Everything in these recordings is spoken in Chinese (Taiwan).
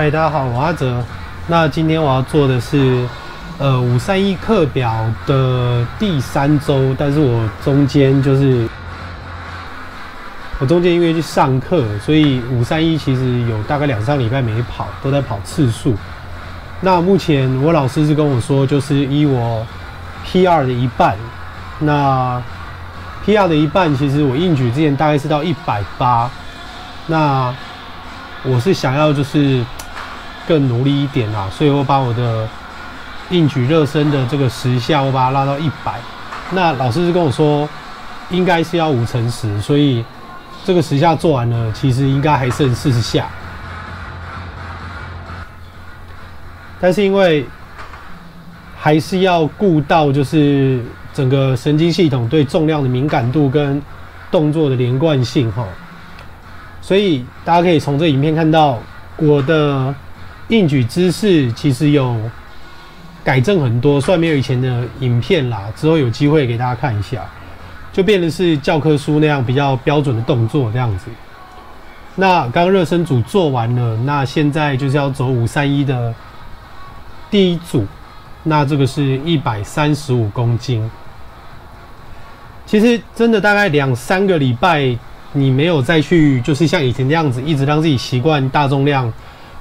嗨，Hi, 大家好，我阿澤。那今天我要做的是，呃，五三一課表的第三周。但是我中間就是，我中間因為去上課，所以五三一其實有大概兩三禮拜沒跑，都在跑次數。那目前我老師是跟我說，就是以我 PR 的一半。那 PR 的一半，其實我硬舉之前大概是到一百八。那我是想要就是。更努力一點啦，啊，所以我把我的硬舉熱身的這個十下，我把它拉到一百。那老師是跟我說，應該是要五乘十，所以這個十下做完了，其實應該還剩四十下。但是因為還是要顧到就是整個神經系統對重量的敏感度跟動作的連貫性哈，所以大家可以從這影片看到我的。硬舉姿勢其實有改正很多，雖然沒有以前的影片啦，之後有機會給大家看一下，就變得是教科書那樣比較標準的動作這樣子。那剛剛熱身組做完了，那現在就是要走五三一的第一組，那這個是一百三十五公斤。其實真的大概兩三個禮拜，你沒有再去就是像以前那樣子，一直讓自己習慣大重量。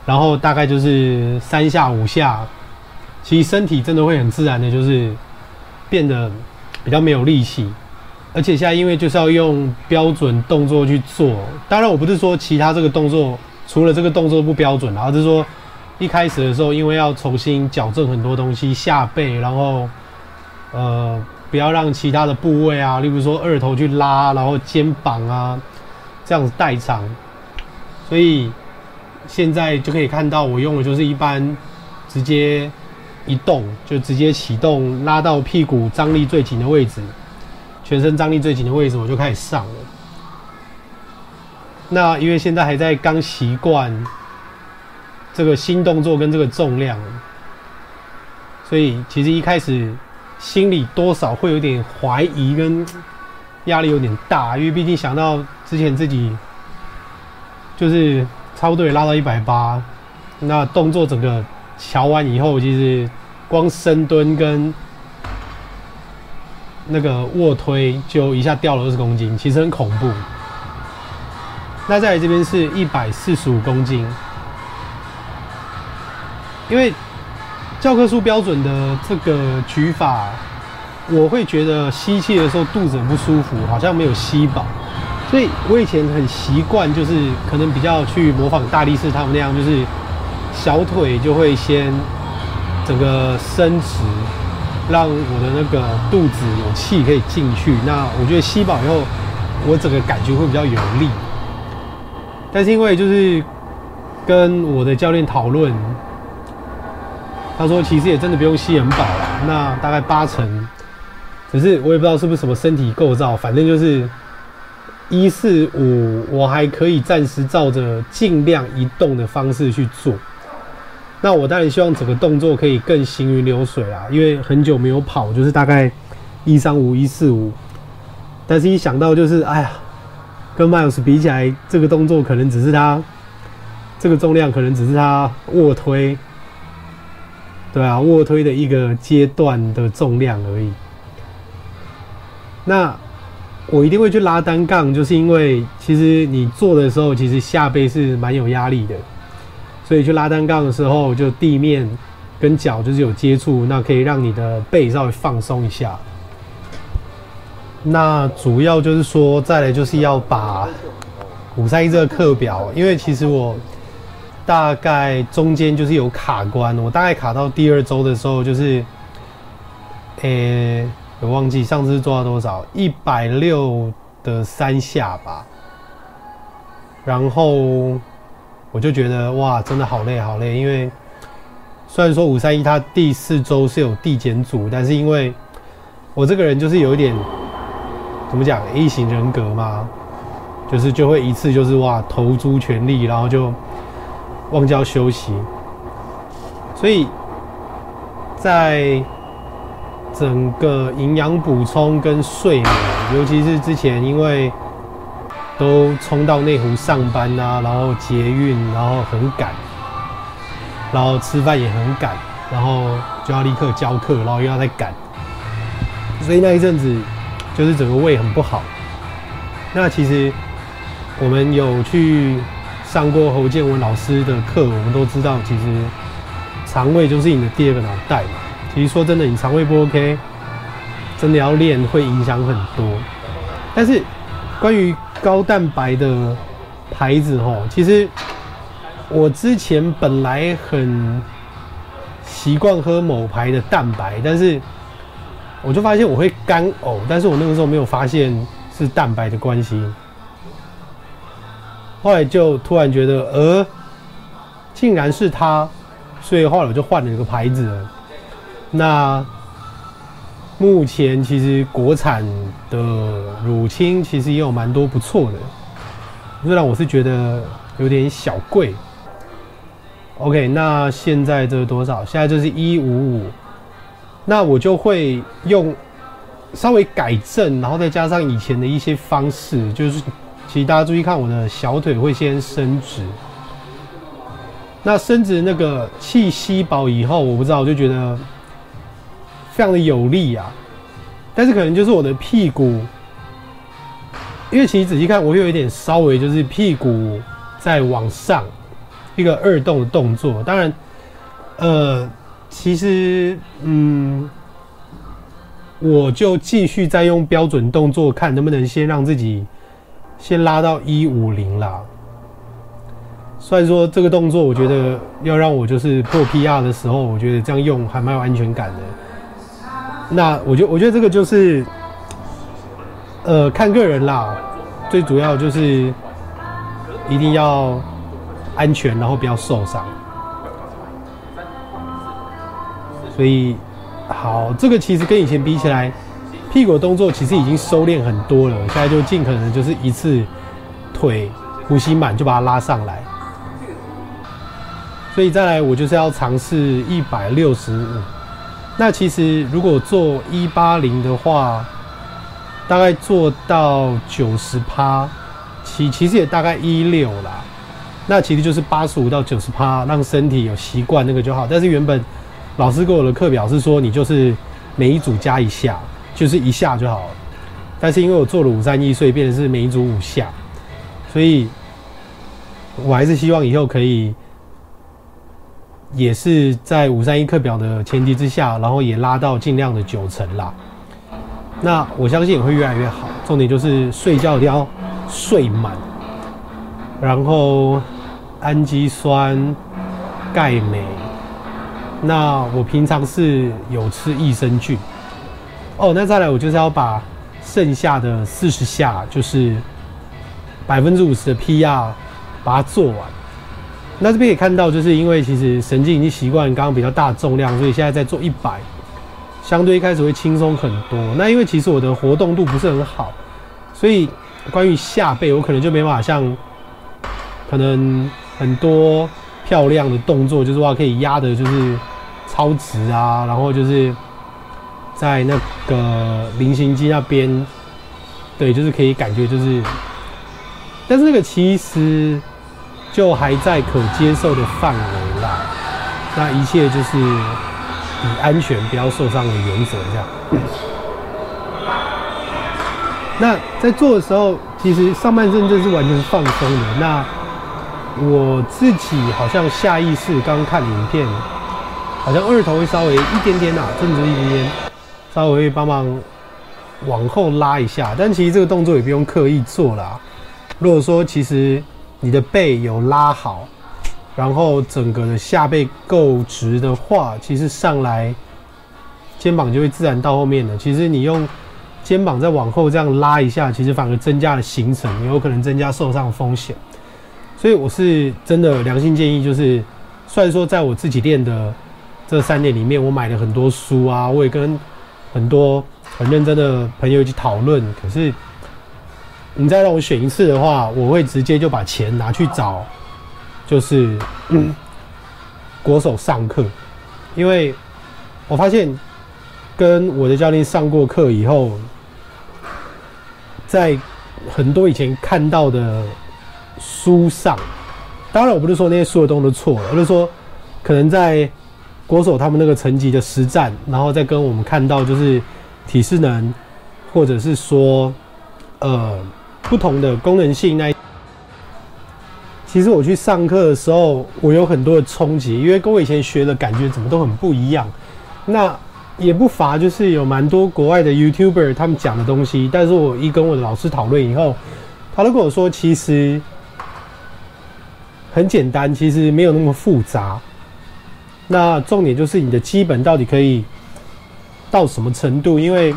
然後大概就是三下五下，其實身體真的會很自然的，就是變得比較沒有力氣。而且現在因為就是要用標準動作去做，當然我不是說其他這個動作除了這個動作不標準，而是說一開始的時候因為要重新矯正很多東西，下背，然後呃不要讓其他的部位啊，例如說二頭去拉，然後肩膀啊這樣子代償，所以。現在就可以看到，我用的就是一般，直接移動就直接啟動，拉到屁股張力最緊的位置，全身張力最緊的位置，我就開始上了。那因為現在還在剛習慣這個新動作跟這個重量，所以其實一開始心裡多少會有點懷疑跟壓力有點大，因為畢竟想到之前自己就是。差不多也拉到一百八，那動作整個喬完以後，其實光深蹲跟那個臥推就一下掉了二十公斤，其實很恐怖。那再來這邊是一百四十五公斤，因為教科書標準的這個舉法，我會覺得吸氣的時候肚子很不舒服，好像沒有吸飽。所以我以前很習慣，就是可能比較去模仿大力士他們那樣，就是小腿就會先整個伸直，讓我的那個肚子有氣可以進去。那我覺得吸飽以後，我整個感覺會比較有力。但是因為就是跟我的教練討論，他說其實也真的不用吸很飽了，那大概八成。只是我也不知道是不是什麼身體構造，反正就是。一四五，5，我還可以暫時照着盡量移動的方式去做。那我當然希望整個動作可以更行雲流水啊，因為很久沒有跑，就是大概一三五一四五。但是，一想到就是，哎呀，跟 Miles 比起來，這個動作可能只是他這個重量，可能只是他臥推，對啊，臥推的一個階段的重量而已。那。我一定會去拉單槓，就是因為其實你做的時候，其實下背是蠻有壓力的，所以去拉單槓的時候，就地面跟腳就是有接觸，那可以讓你的背稍微放鬆一下。那主要就是說，再來就是要把五三一這個課表，因為其實我大概中間就是有卡關，我大概卡到第二週的時候，就是，誒、欸。有忘記上次做到多少？一百六的三下吧。然後我就覺得哇，真的好累，好累。因為雖然說五三一它第四周是有遞減組，但是因為我這個人就是有一點怎麼講，A 型人格嘛，就是就會一次就是哇，投諸全力，然後就忘記要休息。所以在整個營養補充跟睡眠，尤其是之前因為都衝到內湖上班吶、啊，然後捷運，然後很趕，然後吃飯也很趕，然後就要立刻教課，然後又要再趕，所以那一陣子就是整個胃很不好。那其實我們有去上過侯建文老師的課，我們都知道，其實腸胃就是你的第二個腦袋嘛。其實說真的，你腸胃不 OK，真的要練會影響很多。但是關於高蛋白的牌子，吼，其實我之前本來很習慣喝某牌的蛋白，但是我就發現我會乾嘔，哦，但是我那個時候沒有發現是蛋白的關係。後來就突然覺得，呃，竟然是他。所以後來我就換了一個牌子了。那目前其實國產的乳清其實也有蠻多不錯的，雖然我是覺得有點小貴。OK，那現在這是多少？現在就是一五五。那我就會用稍微改正，然後再加上以前的一些方式，就是其實大家注意看我的小腿會先伸直。那伸直那個氣吸飽以後，我不知道，我就覺得。非常的有力啊，但是可能就是我的屁股，因為其實仔細看，我又有點稍微就是屁股在往上一個二動的動作。當然，呃，其實嗯，我就繼續再用標準動作，看能不能先讓自己先拉到一五零啦。雖然說這個動作，我覺得要讓我就是破 PR 的時候，我覺得這樣用還蠻有安全感的。那我覺得，我覺得這個就是，呃，看個人啦。最主要就是一定要安全，然後不要受傷。所以，好，這個其實跟以前比起來，屁股的動作其實已經收斂很多了。我現在就盡可能就是一次腿呼吸滿就把它拉上來。所以再來，我就是要嘗試一百六十五。那其實如果做一八零的話，大概做到九十趴，其其實也大概一六啦。那其實就是八十五到九十趴，讓身體有習慣那個就好。但是原本老師給我的課表是說，你就是每一組加一下，就是一下就好了。但是因為我做了五三一，所以變成是每一組五下，所以我還是希望以後可以。也是在五三一課表的前提之下，然後也拉到盡量的九成啦。那我相信也會越來越好。重點就是睡覺一定要睡滿，然後氨基酸、鈣鎂。那我平常是有吃益生菌哦。那再來，我就是要把剩下的四十下，就是百分之五十的 PR，把它做完。那這邊也可以看到，就是因為其實神經已經習慣剛剛比較大重量，所以現在在做一百，相對一開始會輕鬆很多。那因為其實我的活動度不是很好，所以關於下背，我可能就沒辦法像可能很多漂亮的動作，就是哇可以壓得就是超直啊，然後就是在那個菱形肌那邊，對，就是可以感覺就是，但是那個其實。就還在可接受的範圍啦，那一切就是以安全、不要受傷的原則這樣。那在做的時候，其實上半身就是完全放鬆的。那我自己好像下意識剛看影片，好像二頭會稍微一點點啊，正着一點點，稍微幫忙往後拉一下。但其實這個動作也不用刻意做啦。如果說其實。你的背有拉好，然後整個的下背夠直的話，其實上來肩膀就會自然到後面的。其實你用肩膀再往後這樣拉一下，其實反而增加了行程，也有可能增加受傷風險。所以我是真的良心建議，就是雖然說在我自己練的這三年裡面，我買了很多書啊，我也跟很多很認真的朋友一起討論，可是。你再讓我選一次的話，我會直接就把錢拿去找，就是嗯，國手上課，因為我發現跟我的教練上過課以後，在很多以前看到的書上，當然我不是說那些書的東西都錯了，我就是說可能在國手他們那個層級的實戰，然後再跟我們看到就是體適能，或者是說呃，不同的功能性，那其實我去上課的時候，我有很多的衝擊，因為跟我以前學的感覺怎麼都很不一樣。那也不乏就是有蠻多國外的 YouTuber 他們講的東西，但是我一跟我的老師討論以後，他都跟我說，其實很簡單，其實沒有那麼複雜。那重點就是你的基本到底可以到什麼程度？因為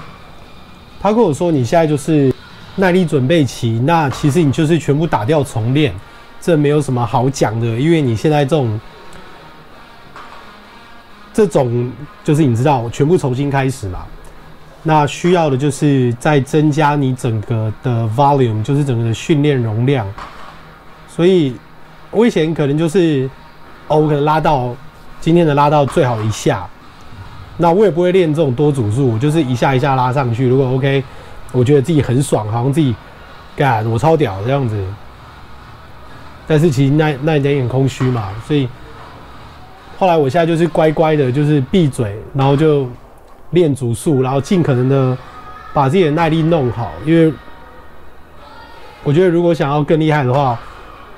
他跟我說，你現在就是。耐力準備期，那其實你就是全部打掉重練，這沒有什麼好講的，因為你現在這種這種就是你知道，全部重新開始嘛。那需要的就是再增加你整個的 volume，就是整個的訓練容量。所以我以前可能就是哦，我可能拉到今天的拉到最好一下，那我也不會練這種多組數，我就是一下一下拉上去，如果 OK。我覺得自己很爽，好像自己，幹我超屌這樣子。但是其實那那一點點很空虛嘛，所以後來我現在就是乖乖的，就是閉嘴，然後就練組數，然後盡可能的把自己的耐力弄好。因為我覺得如果想要更厲害的話，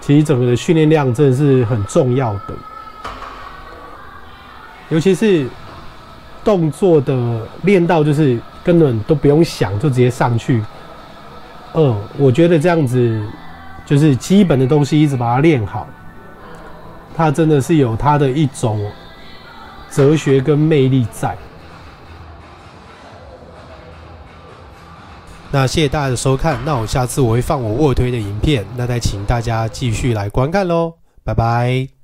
其實整個的訓練量真的是很重要的，尤其是動作的練到就是。根本都不用想，就直接上去。二、呃，我覺得這樣子就是基本的東西，一直把它練好，它真的是有它的一種哲學跟魅力在。那謝謝大家的收看，那我下次我會放我臥推的影片，那再請大家繼續來觀看嘍，拜拜。